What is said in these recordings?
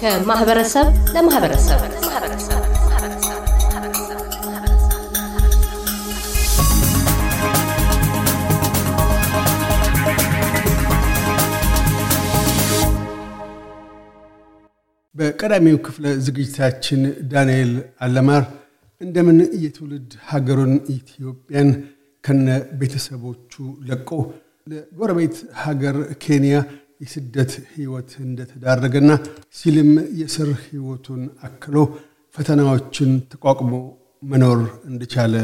ከማህበረሰብ ለማህበረሰብ በቀዳሚው ክፍለ ዝግጅታችን ዳንኤል አለማር እንደምን የትውልድ ሀገሩን ኢትዮጵያን ከነ ቤተሰቦቹ ለቆ ለጎረቤት ሀገር ኬንያ የስደት ህይወት እንደተዳረገና ሲልም የስር ህይወቱን አክሎ ፈተናዎችን ተቋቁሞ መኖር እንደቻለ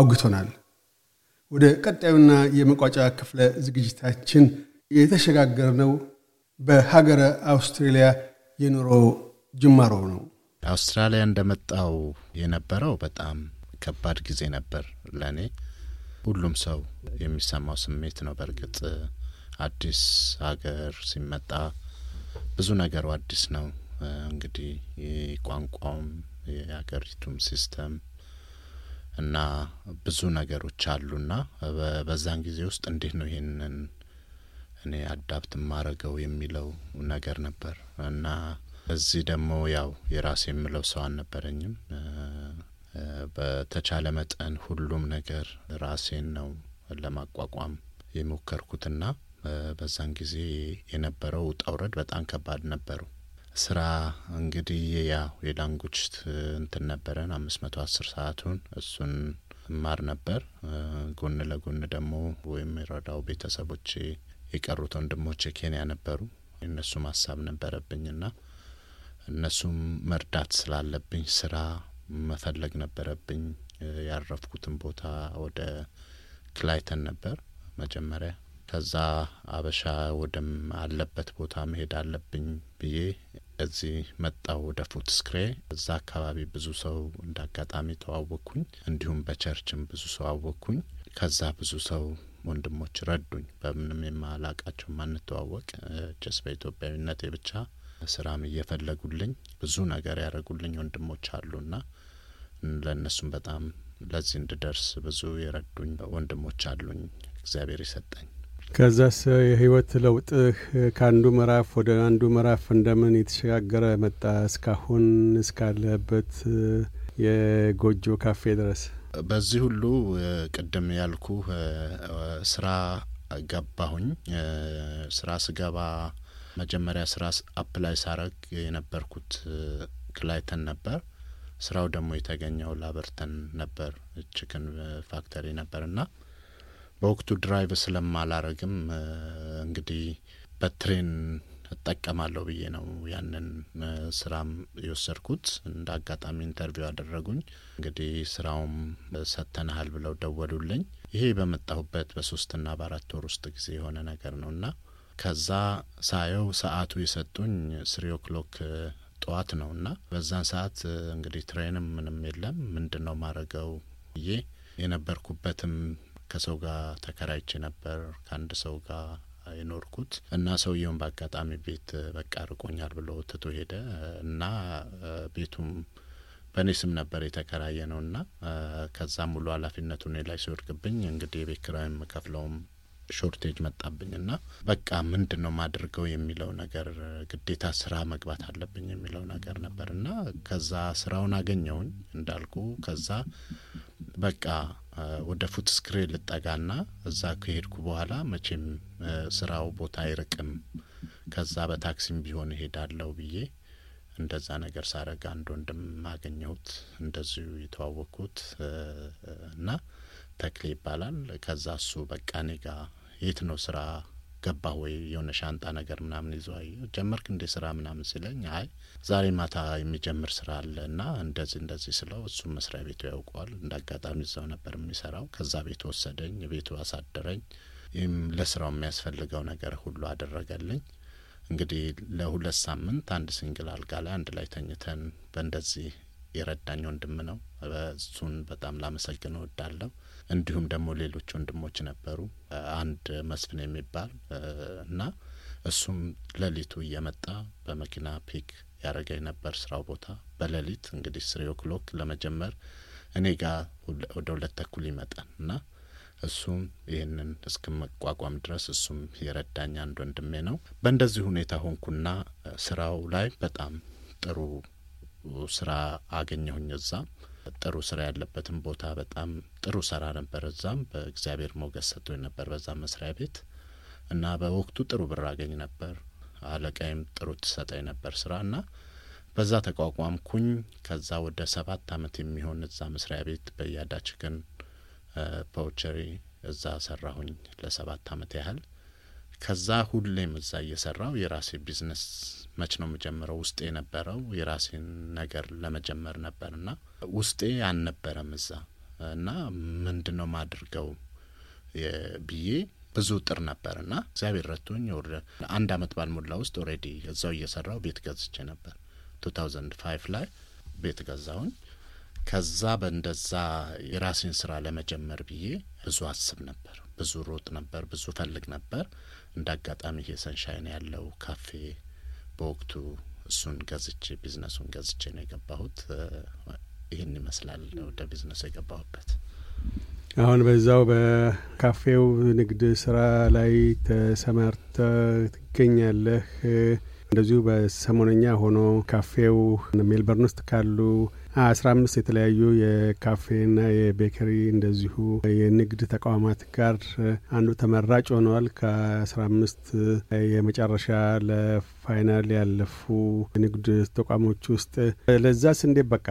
አውግቶናል። ወደ ቀጣዩና የመቋጫ ክፍለ ዝግጅታችን የተሸጋገርነው በሀገረ አውስትሬልያ የኑሮ ጅማሮ ነው። አውስትራሊያ እንደመጣው የነበረው በጣም ከባድ ጊዜ ነበር ለእኔ። ሁሉም ሰው የሚሰማው ስሜት ነው። በእርግጥ አዲስ ሀገር ሲመጣ ብዙ ነገሩ አዲስ ነው። እንግዲህ የቋንቋውም የሀገሪቱም ሲስተም እና ብዙ ነገሮች አሉና በዛን ጊዜ ውስጥ እንዴት ነው ይህንን እኔ አዳብት ማረገው የሚለው ነገር ነበር እና እዚህ ደግሞ ያው የራሴ የምለው ሰው አልነበረኝም። በተቻለ መጠን ሁሉም ነገር ራሴን ነው ለማቋቋም የሞከርኩትና በዛን ጊዜ የነበረው ውጣውረድ በጣም ከባድ ነበሩ። ስራ እንግዲህ ያው የላንጉች እንትን ነበረን አምስት መቶ አስር ሰዓቱን እሱን እማር ነበር። ጎን ለጎን ደግሞ ወይም የረዳው ቤተሰቦቼ የቀሩት ወንድሞቼ ኬንያ ነበሩ። እነሱ ሀሳብ ነበረብኝና እነሱም መርዳት ስላለብኝ ስራ መፈለግ ነበረብኝ። ያረፍኩትን ቦታ ወደ ክላይተን ነበር መጀመሪያ። ከዛ አበሻ ወደም አለበት ቦታ መሄድ አለብኝ ብዬ እዚህ መጣው ወደ ፉት ስክሬ። እዛ አካባቢ ብዙ ሰው እንደ አጋጣሚ ተዋወቅኩኝ። እንዲሁም በቸርችም ብዙ ሰው አወቅኩኝ። ከዛ ብዙ ሰው ወንድሞች ረዱኝ። በምንም የማላቃቸው ማንተዋወቅ ጀስ በኢትዮጵያዊነቴ ብቻ ስራም እየፈለጉልኝ ብዙ ነገር ያደረጉልኝ ወንድሞች አሉና ለእነሱም በጣም ለዚህ እንድደርስ ብዙ የረዱኝ ወንድሞች አሉኝ እግዚአብሔር ይሰጠኝ። ከዛስ የህይወት ለውጥህ ከአንዱ ምዕራፍ ወደ አንዱ ምዕራፍ እንደምን የተሸጋገረ መጣ እስካሁን እስካለበት የጎጆ ካፌ ድረስ? በዚህ ሁሉ ቅድም ያልኩ ስራ ገባሁኝ። ስራ ስገባ መጀመሪያ ስራ አፕላይ ሳረግ የነበርኩት ክላይተን ነበር። ስራው ደግሞ የተገኘው ላበርተን ነበር፣ ችክን ፋክተሪ ነበር እና በወቅቱ ድራይቭ ስለማላረግም እንግዲህ በትሬን እጠቀማለሁ ብዬ ነው ያንን ስራም የወሰድኩት። እንደ አጋጣሚ ኢንተርቪው አደረጉኝ እንግዲህ ስራውም ሰጥተንሃል ብለው ደወሉልኝ። ይሄ በመጣሁበት በሶስትና በአራት ወር ውስጥ ጊዜ የሆነ ነገር ነው እና ከዛ ሳየው ሰዓቱ የሰጡኝ ስሪ ኦክሎክ ጠዋት ነው እና በዛን ሰዓት እንግዲህ ትሬንም ምንም የለም። ምንድን ነው ማድረገው ብዬ የነበርኩበትም ከሰው ጋር ተከራይቼ ነበር ከአንድ ሰው ጋር የኖርኩት እና ሰውየውን በአጋጣሚ ቤት በቃ ርቆኛል ብሎ ትቶ ሄደ እና ቤቱም በእኔ ስም ነበር የተከራየ ነው እና ከዛም ሙሉ ኃላፊነቱ እኔ ላይ ሲወድቅብኝ እንግዲህ የቤት ኪራይም ከፍለውም ሾርቴጅ መጣብኝ ና በቃ ምንድን ነው ማድርገው የሚለው ነገር ግዴታ ስራ መግባት አለብኝ የሚለው ነገር ና ከዛ ስራውን አገኘውኝ እንዳልኩ። ከዛ በቃ ወደ ፉት ስክሬ ና እዛ ከሄድኩ በኋላ መቼም ስራው ቦታ አይርቅም፣ ከዛ በታክሲም ቢሆን እሄዳለሁ ብዬ እንደዛ ነገር ሳረግ አንድ ወንድም አገኘሁት እንደዚሁ የተዋወቅኩት እና ተክሌ ይባላል። ከዛ እሱ በቃ እኔ ጋ የት ነው ስራ ገባ ወይ የሆነ ሻንጣ ነገር ምናምን ይዞ ጀመርክ እንዴ ስራ ምናምን ሲለኝ፣ አይ ዛሬ ማታ የሚጀምር ስራ አለ እና እንደዚህ እንደዚህ ስለው እሱም መስሪያ ቤቱ ያውቀዋል። እንደ አጋጣሚ እዛው ነበር የሚሰራው። ከዛ ቤት ወሰደኝ፣ ቤቱ አሳደረኝ። ይህም ለስራው የሚያስፈልገው ነገር ሁሉ አደረገልኝ። እንግዲህ ለሁለት ሳምንት አንድ ሲንግል አልጋ ላይ አንድ ላይ ተኝተን በእንደዚህ የረዳኝ ወንድም ነው። እሱን በጣም ላመሰግን እወዳለሁ። እንዲሁም ደግሞ ሌሎች ወንድሞች ነበሩ። አንድ መስፍን የሚባል እና እሱም ሌሊቱ እየመጣ በመኪና ፒክ ያደረገኝ ነበር ስራው ቦታ በሌሊት እንግዲህ ስሪ ኦክሎክ ለመጀመር እኔ ጋር ወደ ሁለት ተኩል ይመጣል እና እሱም ይህንን እስከመቋቋም ድረስ እሱም የረዳኝ አንድ ወንድሜ ነው። በእንደዚህ ሁኔታ ሆንኩና ስራው ላይ በጣም ጥሩ ስራ አገኘሁኝ እዛም ጥሩ ስራ ያለበትን ቦታ በጣም ጥሩ ስራ ነበር። እዛም በእግዚአብሔር ሞገስ ሰጥቶኝ ነበር በዛ መስሪያ ቤት እና በወቅቱ ጥሩ ብር አገኝ ነበር። አለቃይም ጥሩ ትሰጠኝ ነበር ስራ እና በዛ ተቋቋምኩኝ። ከዛ ወደ ሰባት አመት የሚሆን እዛ መስሪያ ቤት በያዳች ግን ፓውቸሪ እዛ ሰራሁኝ ለሰባት አመት ያህል። ከዛ ሁሌም እዛ እየሰራው የራሴ ቢዝነስ መች ነው የምጀምረው ውስጤ የነበረው የራሴን ነገር ለመጀመር ነበርና ውስጤ አልነበረም እዛ እና ምንድን ነው ማድርገው ብዬ ብዙ ጥር ነበርና እግዚአብሔር ረቶኝ አንድ አመት ባልሞላ ውስጥ ኦልሬዲ እዛው እየሰራው ቤት ገዝቼ ነበር። ቱ ታውዘንድ ፋይቭ ላይ ቤት ገዛሁኝ። ከዛ በእንደዛ የራሴን ስራ ለመጀመር ብዬ ብዙ አስብ ነበር፣ ብዙ ሮጥ ነበር፣ ብዙ ፈልግ ነበር። እንደ አጋጣሚ ይሄ ሰንሻይን ያለው ካፌ በወቅቱ እሱን ገዝቼ ቢዝነሱን ገዝቼ ነው የገባሁት። ይህን ይመስላል ወደ ቢዝነሱ የገባሁበት። አሁን በዛው በካፌው ንግድ ስራ ላይ ተሰማርተ ትገኛለህ። እንደዚሁ በሰሞነኛ ሆኖ ካፌው ሜልበርን ውስጥ ካሉ አስራ አምስት የተለያዩ የካፌና የቤከሪ እንደዚሁ የንግድ ተቋማት ጋር አንዱ ተመራጭ ሆነዋል። ከአስራ አምስት የመጨረሻ ለፋይናል ያለፉ የንግድ ተቋሞች ውስጥ ለዛስ እንዴት በቃ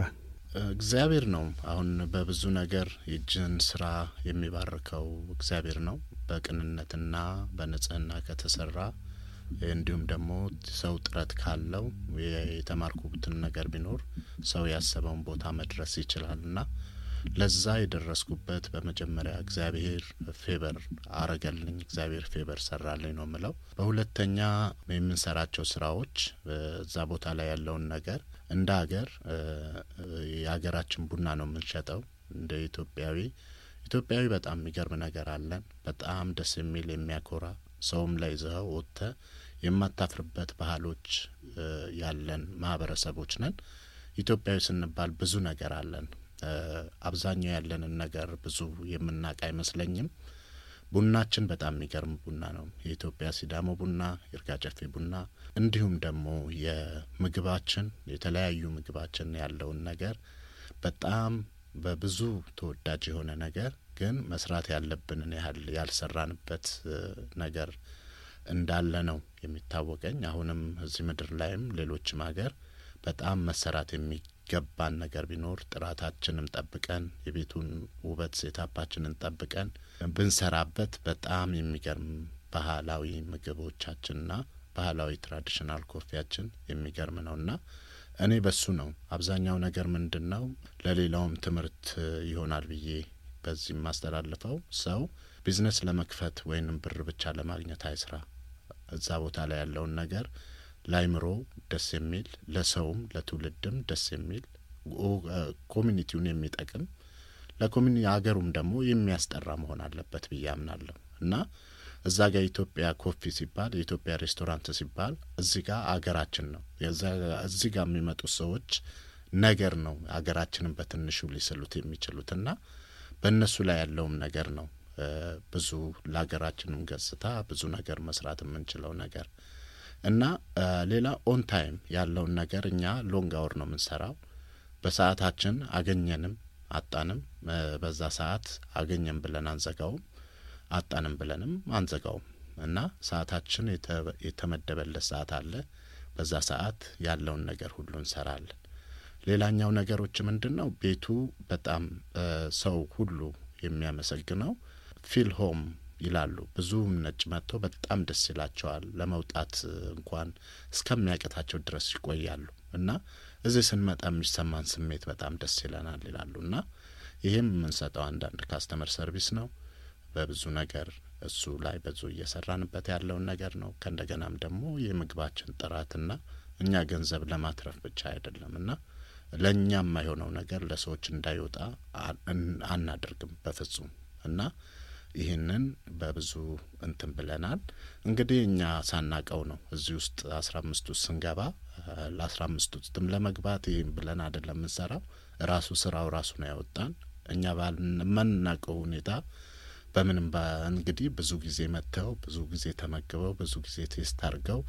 እግዚአብሔር ነው። አሁን በብዙ ነገር የእጅን ስራ የሚባርከው እግዚአብሔር ነው። በቅንነትና በንጽህና ከተሰራ እንዲሁም ደግሞ ሰው ጥረት ካለው የተማርኩትን ነገር ቢኖር ሰው ያሰበውን ቦታ መድረስ እና ለዛ የደረስኩበት በመጀመሪያ እግዚአብሔር ፌቨር አረገልኝ፣ እግዚአብሔር ፌቨር ሰራልኝ ነው ምለው። በሁለተኛ የምንሰራቸው ስራዎች እዛ ቦታ ላይ ያለውን ነገር እንደ ሀገር የሀገራችን ቡና ነው የምንሸጠው። እንደ ኢትዮጵያዊ ኢትዮጵያዊ በጣም የሚገርም ነገር አለን። በጣም ደስ የሚል የሚያኮራ ሰውም ላይ ዘኸው ወጥተ የማታፍርበት ባህሎች ያለን ማህበረሰቦች ነን። ኢትዮጵያዊ ስንባል ብዙ ነገር አለን። አብዛኛው ያለንን ነገር ብዙ የምናውቅ አይመስለኝም። ቡናችን በጣም የሚገርም ቡና ነው። የኢትዮጵያ ሲዳሞ ቡና፣ ይርጋጨፌ ቡና እንዲሁም ደግሞ የምግባችን የተለያዩ ምግባችን ያለውን ነገር በጣም በብዙ ተወዳጅ የሆነ ነገር ግን መስራት ያለብንን ያህል ያልሰራንበት ነገር እንዳለ ነው የሚታወቀኝ። አሁንም እዚህ ምድር ላይም ሌሎችም ሀገር በጣም መሰራት የሚገባን ነገር ቢኖር ጥራታችንም ጠብቀን የቤቱን ውበት ሴታፓችንን ጠብቀን ብንሰራበት በጣም የሚገርም ባህላዊ ምግቦቻችንና ባህላዊ ትራዲሽናል ኮፊያችን የሚገርም ነውና እኔ በሱ ነው አብዛኛው ነገር ምንድን ነው ለሌላውም ትምህርት ይሆናል ብዬ በዚህ የማስተላልፈው ሰው ቢዝነስ ለመክፈት ወይንም ብር ብቻ ለማግኘት አይስራ። እዛ ቦታ ላይ ያለውን ነገር ለአይምሮ ደስ የሚል ለሰውም ለትውልድም ደስ የሚል ኮሚኒቲውን የሚጠቅም ለኮሚኒ ሀገሩም ደግሞ የሚያስጠራ መሆን አለበት ብዬ አምናለሁ እና እዛ ጋር የኢትዮጵያ ኮፊ ሲባል የኢትዮጵያ ሬስቶራንት ሲባል እዚ ጋ አገራችን ነው። እዚ ጋ የሚመጡት ሰዎች ነገር ነው አገራችንን በትንሹ ሊስሉት የሚችሉትና በእነሱ ላይ ያለውም ነገር ነው ብዙ ለሀገራችንም ገጽታ ብዙ ነገር መስራት የምንችለው ነገር እና ሌላ ኦን ታይም ያለውን ነገር እኛ ሎንግ አወር ነው የምንሰራው። በሰዓታችን አገኘንም አጣንም በዛ ሰዓት አገኘን ብለን አንዘጋውም፣ አጣንም ብለንም አንዘጋውም እና ሰዓታችን የተመደበለት ሰዓት አለ። በዛ ሰዓት ያለውን ነገር ሁሉ እንሰራለን። ሌላኛው ነገሮች ምንድን ነው? ቤቱ በጣም ሰው ሁሉ የሚያመሰግነው ፊል ሆም ይላሉ። ብዙም ነጭ መጥቶ በጣም ደስ ይላቸዋል። ለመውጣት እንኳን እስከሚያቅታቸው ድረስ ይቆያሉ እና እዚህ ስንመጣ የሚሰማን ስሜት በጣም ደስ ይለናል ይላሉ እና ይህም የምንሰጠው አንዳንድ ካስተመር ሰርቪስ ነው። በብዙ ነገር እሱ ላይ ብዙ እየሰራንበት ያለውን ነገር ነው። ከእንደገናም ደግሞ የምግባችን ጥራትና እኛ ገንዘብ ለማትረፍ ብቻ አይደለም እና ለእኛ የማይሆነው ነገር ለሰዎች እንዳይወጣ አናደርግም በፍጹም እና ይህንን በብዙ እንትን ብለናል። እንግዲህ እኛ ሳናቀው ነው እዚህ ውስጥ አስራ አምስት ውስጥ ስንገባ ለአስራ አምስት ውስጥም ለመግባት ይህም ብለን አይደለም የምንሰራው። ራሱ ስራው ራሱ ነው ያወጣን። እኛ ባልመናቀው ሁኔታ በምንም እንግዲህ ብዙ ጊዜ መጥተው ብዙ ጊዜ ተመግበው ብዙ ጊዜ ቴስት አድርገው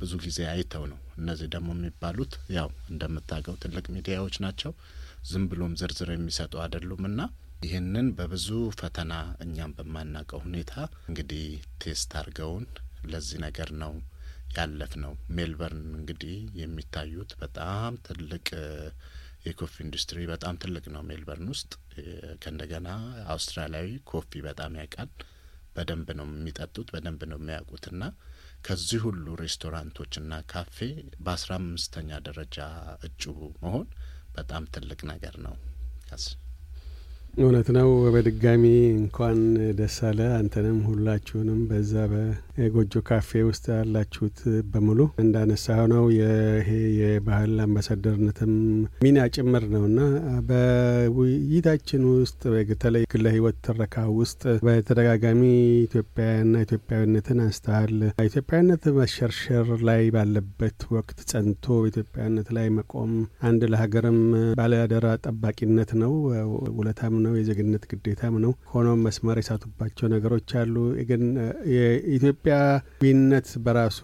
ብዙ ጊዜ አይተው ነው። እነዚህ ደግሞ የሚባሉት ያው እንደምታውቀው ትልቅ ሚዲያዎች ናቸው። ዝም ብሎም ዝርዝር የሚሰጡ አይደሉም እና ይህንን በብዙ ፈተና እኛም በማናውቀው ሁኔታ እንግዲህ ቴስት አድርገውን ለዚህ ነገር ነው ያለፍ ነው። ሜልበርን እንግዲህ የሚታዩት በጣም ትልቅ የኮፊ ኢንዱስትሪ በጣም ትልቅ ነው። ሜልበርን ውስጥ ከእንደገና አውስትራሊያዊ ኮፊ በጣም ያውቃል። በደንብ ነው የሚጠጡት፣ በደንብ ነው የሚያውቁትና ከዚህ ሁሉ ሬስቶራንቶችና ካፌ በአስራ አምስተኛ ደረጃ እጩ መሆን በጣም ትልቅ ነገር ነው። እውነት ነው። በድጋሚ እንኳን ደስ አለ አንተንም ሁላችሁንም በዛ በጎጆ ካፌ ውስጥ ያላችሁት በሙሉ እንዳነሳ ነው ይሄ የባህል አምባሳደርነትም ሚና ጭምር ነው እና በውይይታችን ውስጥ በተለይ ግለ ህይወት ትረካ ውስጥ በተደጋጋሚ ኢትዮጵያና ኢትዮጵያዊነትን አንስተሃል። ኢትዮጵያዊነት መሸርሸር ላይ ባለበት ወቅት ጸንቶ በኢትዮጵያዊነት ላይ መቆም አንድ ለሀገርም ባለአደራ ጠባቂነት ነው ውለታም ነው፣ የዜግነት ግዴታም ነው። ሆኖም መስመር የሳቱባቸው ነገሮች አሉ። ግን የኢትዮጵያዊነት በራሱ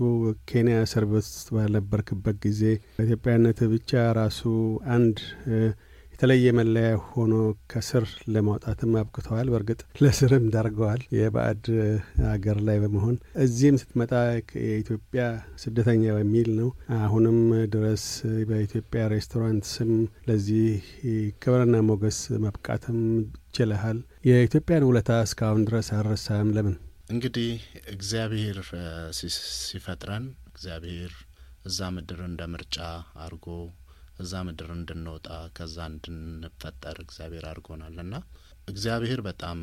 ኬንያ እስር ቤት ውስጥ ባልነበርክበት ጊዜ በኢትዮጵያዊነት ብቻ ራሱ አንድ የተለየ መለያ ሆኖ ከስር ለማውጣትም አብቅተዋል። በእርግጥ ለስርም ዳርገዋል የባዕድ አገር ላይ በመሆን እዚህም ስትመጣ የኢትዮጵያ ስደተኛ በሚል ነው። አሁንም ድረስ በኢትዮጵያ ሬስቶራንት ስም ለዚህ ክብርና ሞገስ መብቃትም ችለሃል። የኢትዮጵያን ውለታ እስካሁን ድረስ አልረሳም። ለምን እንግዲህ እግዚአብሔር ሲፈጥረን እግዚአብሔር እዛ ምድር እንደ ምርጫ አድርጎ እዛ ምድር እንድንወጣ ከዛ እንድንፈጠር እግዚአብሔር አድርጎናል እና እግዚአብሔር በጣም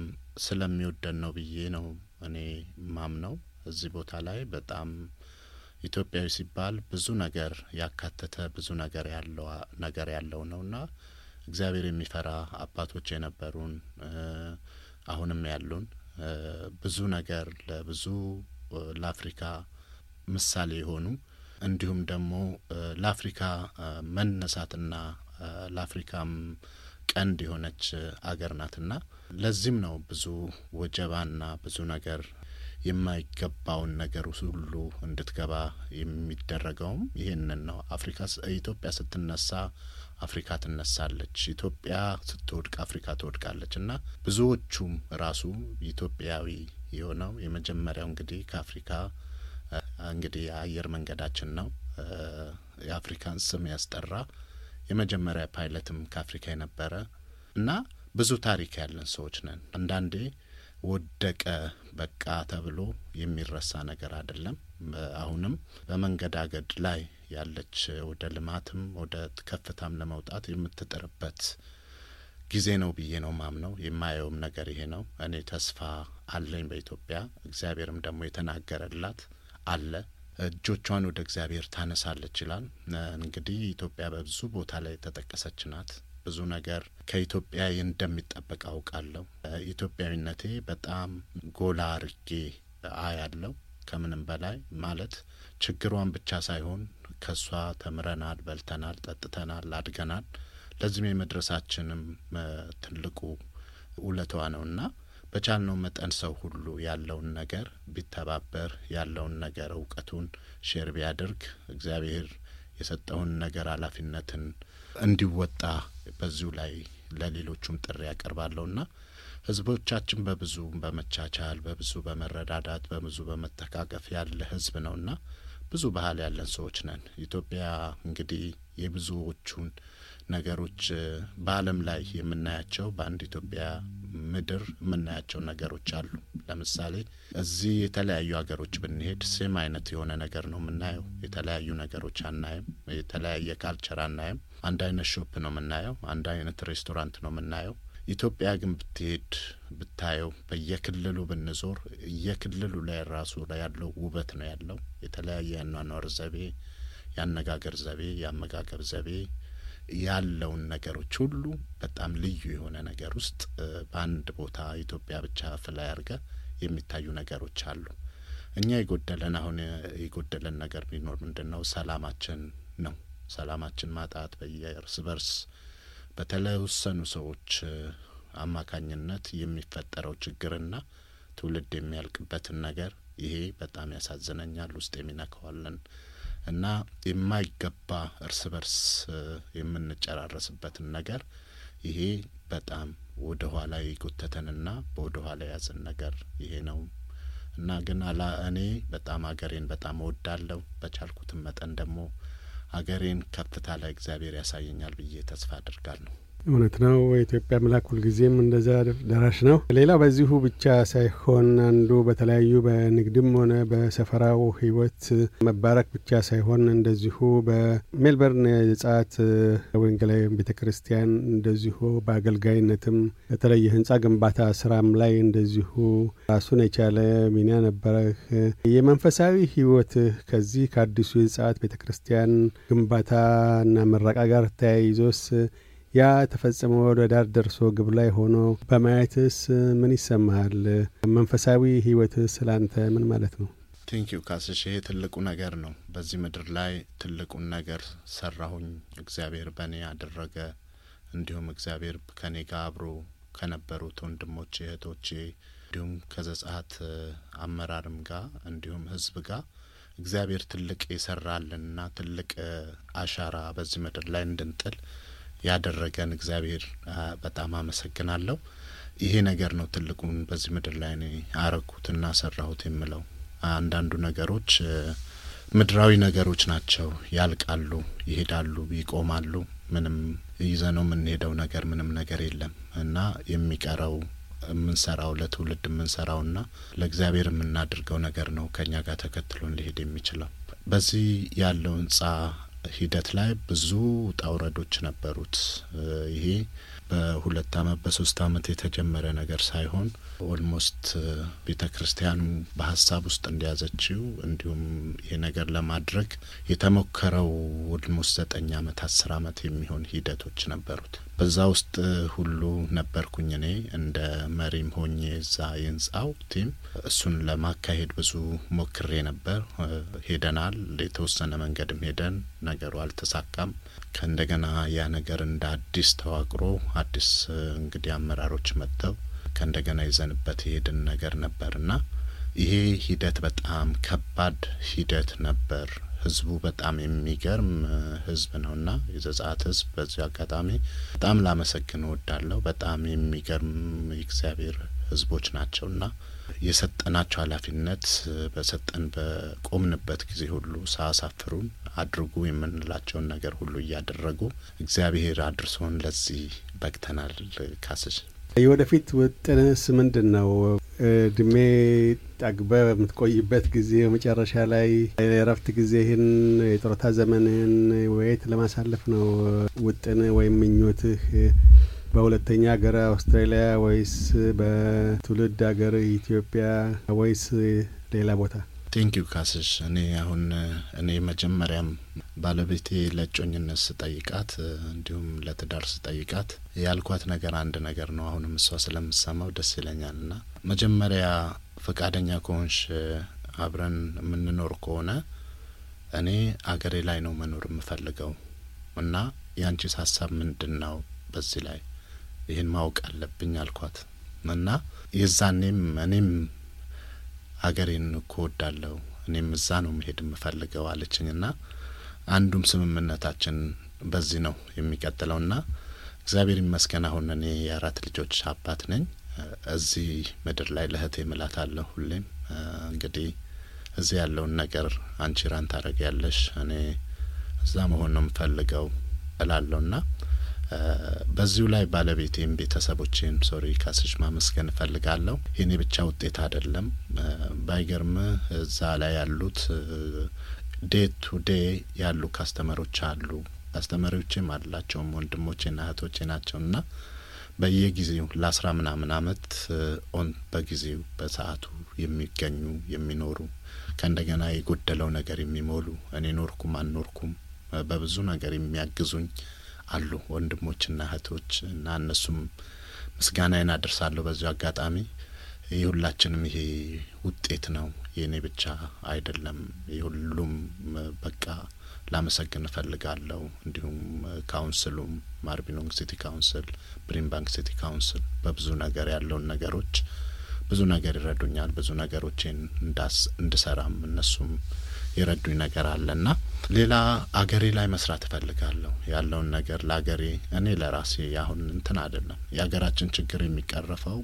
ስለሚወደን ነው ብዬ ነው እኔ ማምነው። እዚህ ቦታ ላይ በጣም ኢትዮጵያዊ ሲባል ብዙ ነገር ያካተተ ብዙ ነገር ያለው ነገር ያለው ነውና እግዚአብሔር የሚፈራ አባቶች የነበሩን አሁንም ያሉን ብዙ ነገር ለብዙ ለአፍሪካ ምሳሌ የሆኑ እንዲሁም ደግሞ ለአፍሪካ መነሳትና ለአፍሪካም ቀንድ የሆነች አገር ናትና ለዚህም ነው ብዙ ወጀባና ብዙ ነገር የማይገባውን ነገር ሁሉ እንድትገባ የሚደረገውም ይህንን ነው። አፍሪካ ኢትዮጵያ ስትነሳ አፍሪካ ትነሳለች። ኢትዮጵያ ስትወድቅ አፍሪካ ትወድቃለች። እና ብዙዎቹም ራሱ ኢትዮጵያዊ የሆነው የመጀመሪያው እንግዲህ ከአፍሪካ እንግዲህ የአየር መንገዳችን ነው የአፍሪካን ስም ያስጠራ የመጀመሪያ ፓይለትም ከአፍሪካ የነበረ እና ብዙ ታሪክ ያለን ሰዎች ነን። አንዳንዴ ወደቀ በቃ ተብሎ የሚረሳ ነገር አይደለም። አሁንም በመንገዳገድ ላይ ያለች ወደ ልማትም ወደ ከፍታም ለመውጣት የምትጥርበት ጊዜ ነው ብዬ ነው ማምነው። የማየውም ነገር ይሄ ነው። እኔ ተስፋ አለኝ በኢትዮጵያ። እግዚአብሔርም ደግሞ የተናገረላት አለ። እጆቿን ወደ እግዚአብሔር ታነሳለች ይላል። እንግዲህ ኢትዮጵያ በብዙ ቦታ ላይ የተጠቀሰች ናት። ብዙ ነገር ከኢትዮጵያ እንደሚጠበቅ አውቃለሁ። ኢትዮጵያዊነቴ በጣም ጎላ አርጌ አያለው። ከምንም በላይ ማለት ችግሯን ብቻ ሳይሆን ከእሷ ተምረናል፣ በልተናል፣ ጠጥተናል፣ አድገናል። ለዚህም የመድረሳችንም ትልቁ ውለቷ ነውና በቻልነው መጠን ሰው ሁሉ ያለውን ነገር ቢተባበር ያለውን ነገር እውቀቱን ሼር ቢያደርግ እግዚአብሔር የሰጠውን ነገር ኃላፊነትን እንዲወጣ በዚሁ ላይ ለሌሎቹም ጥሪ ያቀርባለሁና ህዝቦቻችን በብዙ በመቻቻል በብዙ በመረዳዳት በብዙ በመተቃቀፍ ያለ ህዝብ ነውና ብዙ ባህል ያለን ሰዎች ነን። ኢትዮጵያ እንግዲህ የብዙዎቹን ነገሮች በዓለም ላይ የምናያቸው በአንድ ኢትዮጵያ ምድር የምናያቸው ነገሮች አሉ። ለምሳሌ እዚህ የተለያዩ ሀገሮች ብንሄድ ሴም አይነት የሆነ ነገር ነው የምናየው። የተለያዩ ነገሮች አናይም። የተለያየ ካልቸር አናይም። አንድ አይነት ሾፕ ነው የምናየው። አንድ አይነት ሬስቶራንት ነው የምናየው። ኢትዮጵያ ግን ብትሄድ ብታየው በየክልሉ ብንዞር የክልሉ ላይ ራሱ ላይ ያለው ውበት ነው ያለው። የተለያየ ያኗኗር ዘቤ፣ ያነጋገር ዘቤ፣ የአመጋገብ ዘቤ ያለውን ነገሮች ሁሉ በጣም ልዩ የሆነ ነገር ውስጥ በአንድ ቦታ ኢትዮጵያ ብቻ ፍላይ አድርገ የሚታዩ ነገሮች አሉ። እኛ የጎደለን አሁን የጎደለን ነገር ቢኖር ምንድን ነው? ሰላማችን ነው። ሰላማችን ማጣት በየእርስ በርስ በተለወሰኑ ሰዎች አማካኝነት የሚፈጠረው ችግርና ትውልድ የሚያልቅበትን ነገር ይሄ በጣም ያሳዝነኛል፣ ውስጥ ይነካዋለን እና የማይገባ እርስ በርስ የምንጨራረስበትን ነገር ይሄ በጣም ወደ ኋላ የጎተተንና በወደ ኋላ የያዘን ነገር ይሄ ነው እና ግን አላ እኔ በጣም አገሬን በጣም እወዳለሁ። በቻልኩትም መጠን ደግሞ አገሬን ከፍታ ለእግዚአብሔር ያሳየኛል ብዬ ተስፋ አድርጋለሁ እውነት ነው። የኢትዮጵያ አምላክ ሁልጊዜም እንደዛ ደራሽ ነው። ሌላው በዚሁ ብቻ ሳይሆን አንዱ በተለያዩ በንግድም ሆነ በሰፈራው ሕይወት መባረክ ብቻ ሳይሆን እንደዚሁ በሜልበርን የጻት ወንጌላዊ ቤተ ክርስቲያን እንደዚሁ በአገልጋይነትም በተለይ የህንጻ ግንባታ ስራም ላይ እንደዚሁ ራሱን የቻለ ሚና ነበረህ። የመንፈሳዊ ህይወት ከዚህ ከአዲሱ የጻት ቤተ ክርስቲያን እና ምረቃ ጋር ተያይዞስ ያ ተፈጽሞ ወደ ዳር ደርሶ ግብ ላይ ሆኖ በማየትስ ምን ይሰማሃል? መንፈሳዊ ህይወትስ ስላንተ ምን ማለት ነው? ቴንኪዩ ካስሽ፣ ይሄ ትልቁ ነገር ነው። በዚህ ምድር ላይ ትልቁን ነገር ሰራሁኝ፣ እግዚአብሔር በእኔ አደረገ፣ እንዲሁም እግዚአብሔር ከኔ ጋር አብሮ ከነበሩት ወንድሞች እህቶቼ፣ እንዲሁም ከዘጸአት አመራርም ጋር እንዲሁም ህዝብ ጋር እግዚአብሔር ትልቅ የሰራልንና ትልቅ አሻራ በዚህ ምድር ላይ እንድንጥል ያደረገን እግዚአብሔር በጣም አመሰግናለሁ። ይሄ ነገር ነው ትልቁን በዚህ ምድር ላይ እኔ አረኩትና ሰራሁት የምለው። አንዳንዱ ነገሮች ምድራዊ ነገሮች ናቸው፣ ያልቃሉ፣ ይሄዳሉ፣ ይቆማሉ። ምንም ይዘነው የምንሄደው ነገር ምንም ነገር የለም እና የሚቀረው የምንሰራው ለትውልድ የምንሰራውና ለእግዚአብሔር የምናደርገው ነገር ነው ከኛ ጋር ተከትሎን ሊሄድ የሚችለው። በዚህ ያለው ህንጻ ሂደት ላይ ብዙ ውጣ ውረዶች ነበሩት። ይሄ በሁለት አመት በሶስት አመት የተጀመረ ነገር ሳይሆን ኦልሞስት ቤተ ክርስቲያኑ በሀሳብ ውስጥ እንደያዘችው እንዲሁም ይህ ነገር ለማድረግ የተሞከረው ኦልሞስት ዘጠኝ አመት አስር አመት የሚሆን ሂደቶች ነበሩት። በዛ ውስጥ ሁሉ ነበርኩኝ እኔ እንደ መሪም ሆኜ እዛ የህንጻው ቲም እሱን ለማካሄድ ብዙ ሞክሬ ነበር። ሄደናል። የተወሰነ መንገድም ሄደን ነገሩ አልተሳካም። ከእንደገና ያ ነገር እንደ አዲስ ተዋቅሮ አዲስ እንግዲህ አመራሮች መጥተው ከእንደገና ይዘንበት የሄድን ነገር ነበርና ይሄ ሂደት በጣም ከባድ ሂደት ነበር። ህዝቡ በጣም የሚገርም ህዝብ ነውና የዘጸአት ህዝብ በዚሁ አጋጣሚ በጣም ላመሰግን እወዳለሁ። በጣም የሚገርም የእግዚአብሔር ህዝቦች እና የሰጠናቸው ኃላፊነት በሰጠን በቆምንበት ጊዜ ሁሉ ሳያሳፍሩን አድርጉ የምንላቸውን ነገር ሁሉ እያደረጉ እግዚአብሔር አድርሶን ለዚህ በግተናል ካስሽ የወደፊት ውጥንስ ምንድን ነው? እድሜ ጠግበ በምትቆይበት ጊዜ መጨረሻ ላይ የእረፍት ጊዜህን የጡረታ ዘመንህን ወየት ለማሳለፍ ነው ውጥን ወይም ምኞትህ? በሁለተኛ ሀገር አውስትራሊያ ወይስ በትውልድ ሀገር ኢትዮጵያ ወይስ ሌላ ቦታ? ቴንክ ዩ ካስሽ። እኔ አሁን እኔ መጀመሪያም ባለቤቴ ለጮኝነት ስጠይቃት እንዲሁም ለትዳር ስጠይቃት ያልኳት ነገር አንድ ነገር ነው። አሁንም እሷ ስለምሰማው ደስ ይለኛል። ና መጀመሪያ ፈቃደኛ ከሆንሽ አብረን የምንኖር ከሆነ እኔ አገሬ ላይ ነው መኖር የምፈልገው እና የአንቺስ ሀሳብ ምንድን ነው በዚህ ላይ ይህን ማወቅ አለብኝ አልኳት እና የዛኔም እኔም ሀገሬን እኮ ወዳለሁ እኔም እዛ ነው መሄድ የምፈልገው አለችኝ ና አንዱም ስምምነታችን በዚህ ነው የሚቀጥለው ና እግዚአብሔር ይመስገን አሁን እኔ የአራት ልጆች አባት ነኝ። እዚህ ምድር ላይ ለእህቴ ምላት አለሁ ሁሌም እንግዲህ እዚህ ያለውን ነገር አንቺ ራን ታደረግ ያለሽ እኔ እዛ መሆን ነው የምፈልገው እላለሁ ና በዚሁ ላይ ባለቤቴም ቤተሰቦቼም ሶሪ ከስሽ ማመስገን እፈልጋለሁ። የኔ ብቻ ውጤት አይደለም። ባይገርምህ እዛ ላይ ያሉት ዴ ቱ ዴ ያሉ ካስተመሮች አሉ። ካስተመሪዎችም አላቸውም ወንድሞቼና እህቶቼ ናቸውና በየጊዜው ለአስራ ምናምን አመት ኦን በጊዜው በሰአቱ የሚገኙ የሚኖሩ ከእንደገና የጎደለው ነገር የሚሞሉ እኔ ኖርኩም አልኖርኩም በብዙ ነገር የሚያግዙኝ አሉ ወንድሞችና እህቶች እና እነሱም ምስጋናዬን አደርሳለሁ በዚሁ አጋጣሚ። የሁላችንም ይሄ ውጤት ነው፣ የእኔ ብቻ አይደለም። የሁሉም በቃ ላመሰግን እፈልጋለሁ። እንዲሁም ካውንስሉም ማርቢኖንግ ሲቲ ካውንስል፣ ብሪን ባንክ ሲቲ ካውንስል በብዙ ነገር ያለውን ነገሮች ብዙ ነገር ይረዱኛል። ብዙ ነገሮችን እንዳስ እንድሰራም እነሱም የረዱኝ ነገር አለና ሌላ አገሬ ላይ መስራት እፈልጋለሁ ያለውን ነገር ለአገሬ እኔ ለራሴ አሁን እንትን አይደለም የሀገራችን ችግር የሚቀረፈው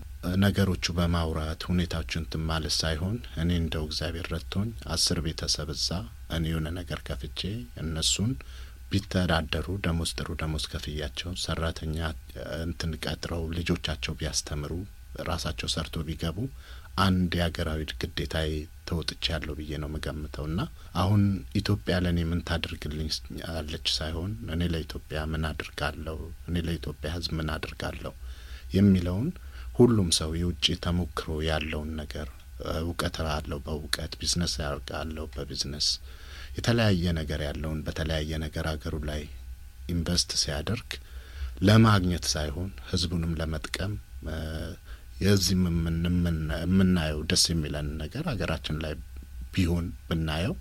ነገሮቹ በማውራት ሁኔታዎችን እንትን ማለት ሳይሆን እኔ እንደው እግዚአብሔር ረድቶኝ አስር ቤተሰብ እዛ እኔ የሆነ ነገር ከፍቼ እነሱን ቢተዳደሩ ደሞዝ ጥሩ ደሞዝ ከፍያቸው ሰራተኛ እንትን ቀጥረው ልጆቻቸው ቢያስተምሩ ራሳቸው ሰርቶ ቢገቡ አንድ የሀገራዊ ግዴታ ተወጥቼ ያለው ብዬ ነው የምገምተው። ና አሁን ኢትዮጵያ ለእኔ ምን ታድርግልኝ አለች ሳይሆን እኔ ለኢትዮጵያ ምን አድርጋለሁ፣ እኔ ለኢትዮጵያ ሕዝብ ምን አድርጋለሁ የሚለውን ሁሉም ሰው የውጭ ተሞክሮ ያለውን ነገር እውቀት አለው በእውቀት ቢዝነስ አለው በቢዝነስ የተለያየ ነገር ያለውን በተለያየ ነገር አገሩ ላይ ኢንቨስት ሲያደርግ ለማግኘት ሳይሆን ህዝቡንም ለመጥቀም የዚህም የምናየው ደስ የሚለን ነገር ሀገራችን ላይ ቢሆን ብናየው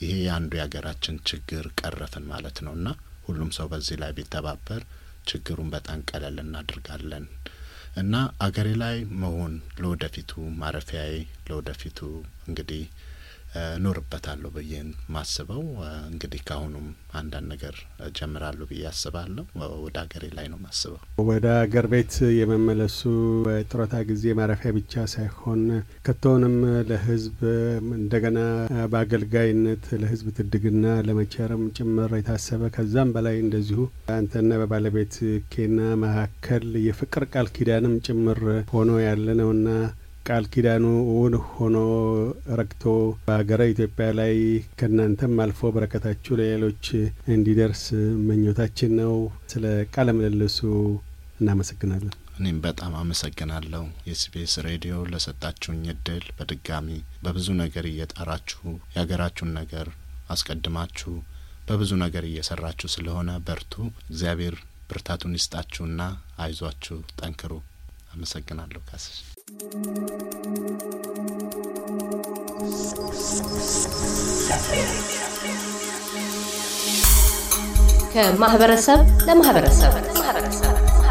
ይሄ የአንዱ የሀገራችን ችግር ቀረፍን ማለት ነው እና ሁሉም ሰው በዚህ ላይ ቢተባበር ችግሩን በጣም ቀለል እናድርጋለን እና አገሬ ላይ መሆን ለወደፊቱ ማረፊያዬ ለወደፊቱ እንግዲህ እኖርበታለሁ ብዬ ማስበው እንግዲህ ከአሁኑም አንዳንድ ነገር ጀምራለሁ ብዬ አስባለሁ። ወደ ሀገሬ ላይ ነው ማስበው። ወደ ሀገር ቤት የመመለሱ ጥረታ ጊዜ ማረፊያ ብቻ ሳይሆን ከቶውንም ለሕዝብ እንደገና በአገልጋይነት ለሕዝብ ትድግና ለመቸርም ጭምር የታሰበ ከዛም በላይ እንደዚሁ አንተና በባለቤት ኬና መካከል የፍቅር ቃል ኪዳንም ጭምር ሆኖ ያለ ነውና ቃል ኪዳኑ እውን ሆኖ ረግቶ በሀገረ ኢትዮጵያ ላይ ከእናንተም አልፎ በረከታችሁ ለሌሎች እንዲደርስ መኞታችን ነው። ስለ ቃለ ምልልሱ እናመሰግናለን። እኔም በጣም አመሰግናለሁ የኤስቢኤስ ሬዲዮ ለሰጣችሁኝ እድል። በድጋሚ በብዙ ነገር እየጣራችሁ የሀገራችሁን ነገር አስቀድማችሁ በብዙ ነገር እየሰራችሁ ስለሆነ በርቱ። እግዚአብሔር ብርታቱን ይስጣችሁና አይዟችሁ፣ ጠንክሩ። አመሰግናለሁ ካስሽ። ከማህበረሰብ ለማህበረሰብ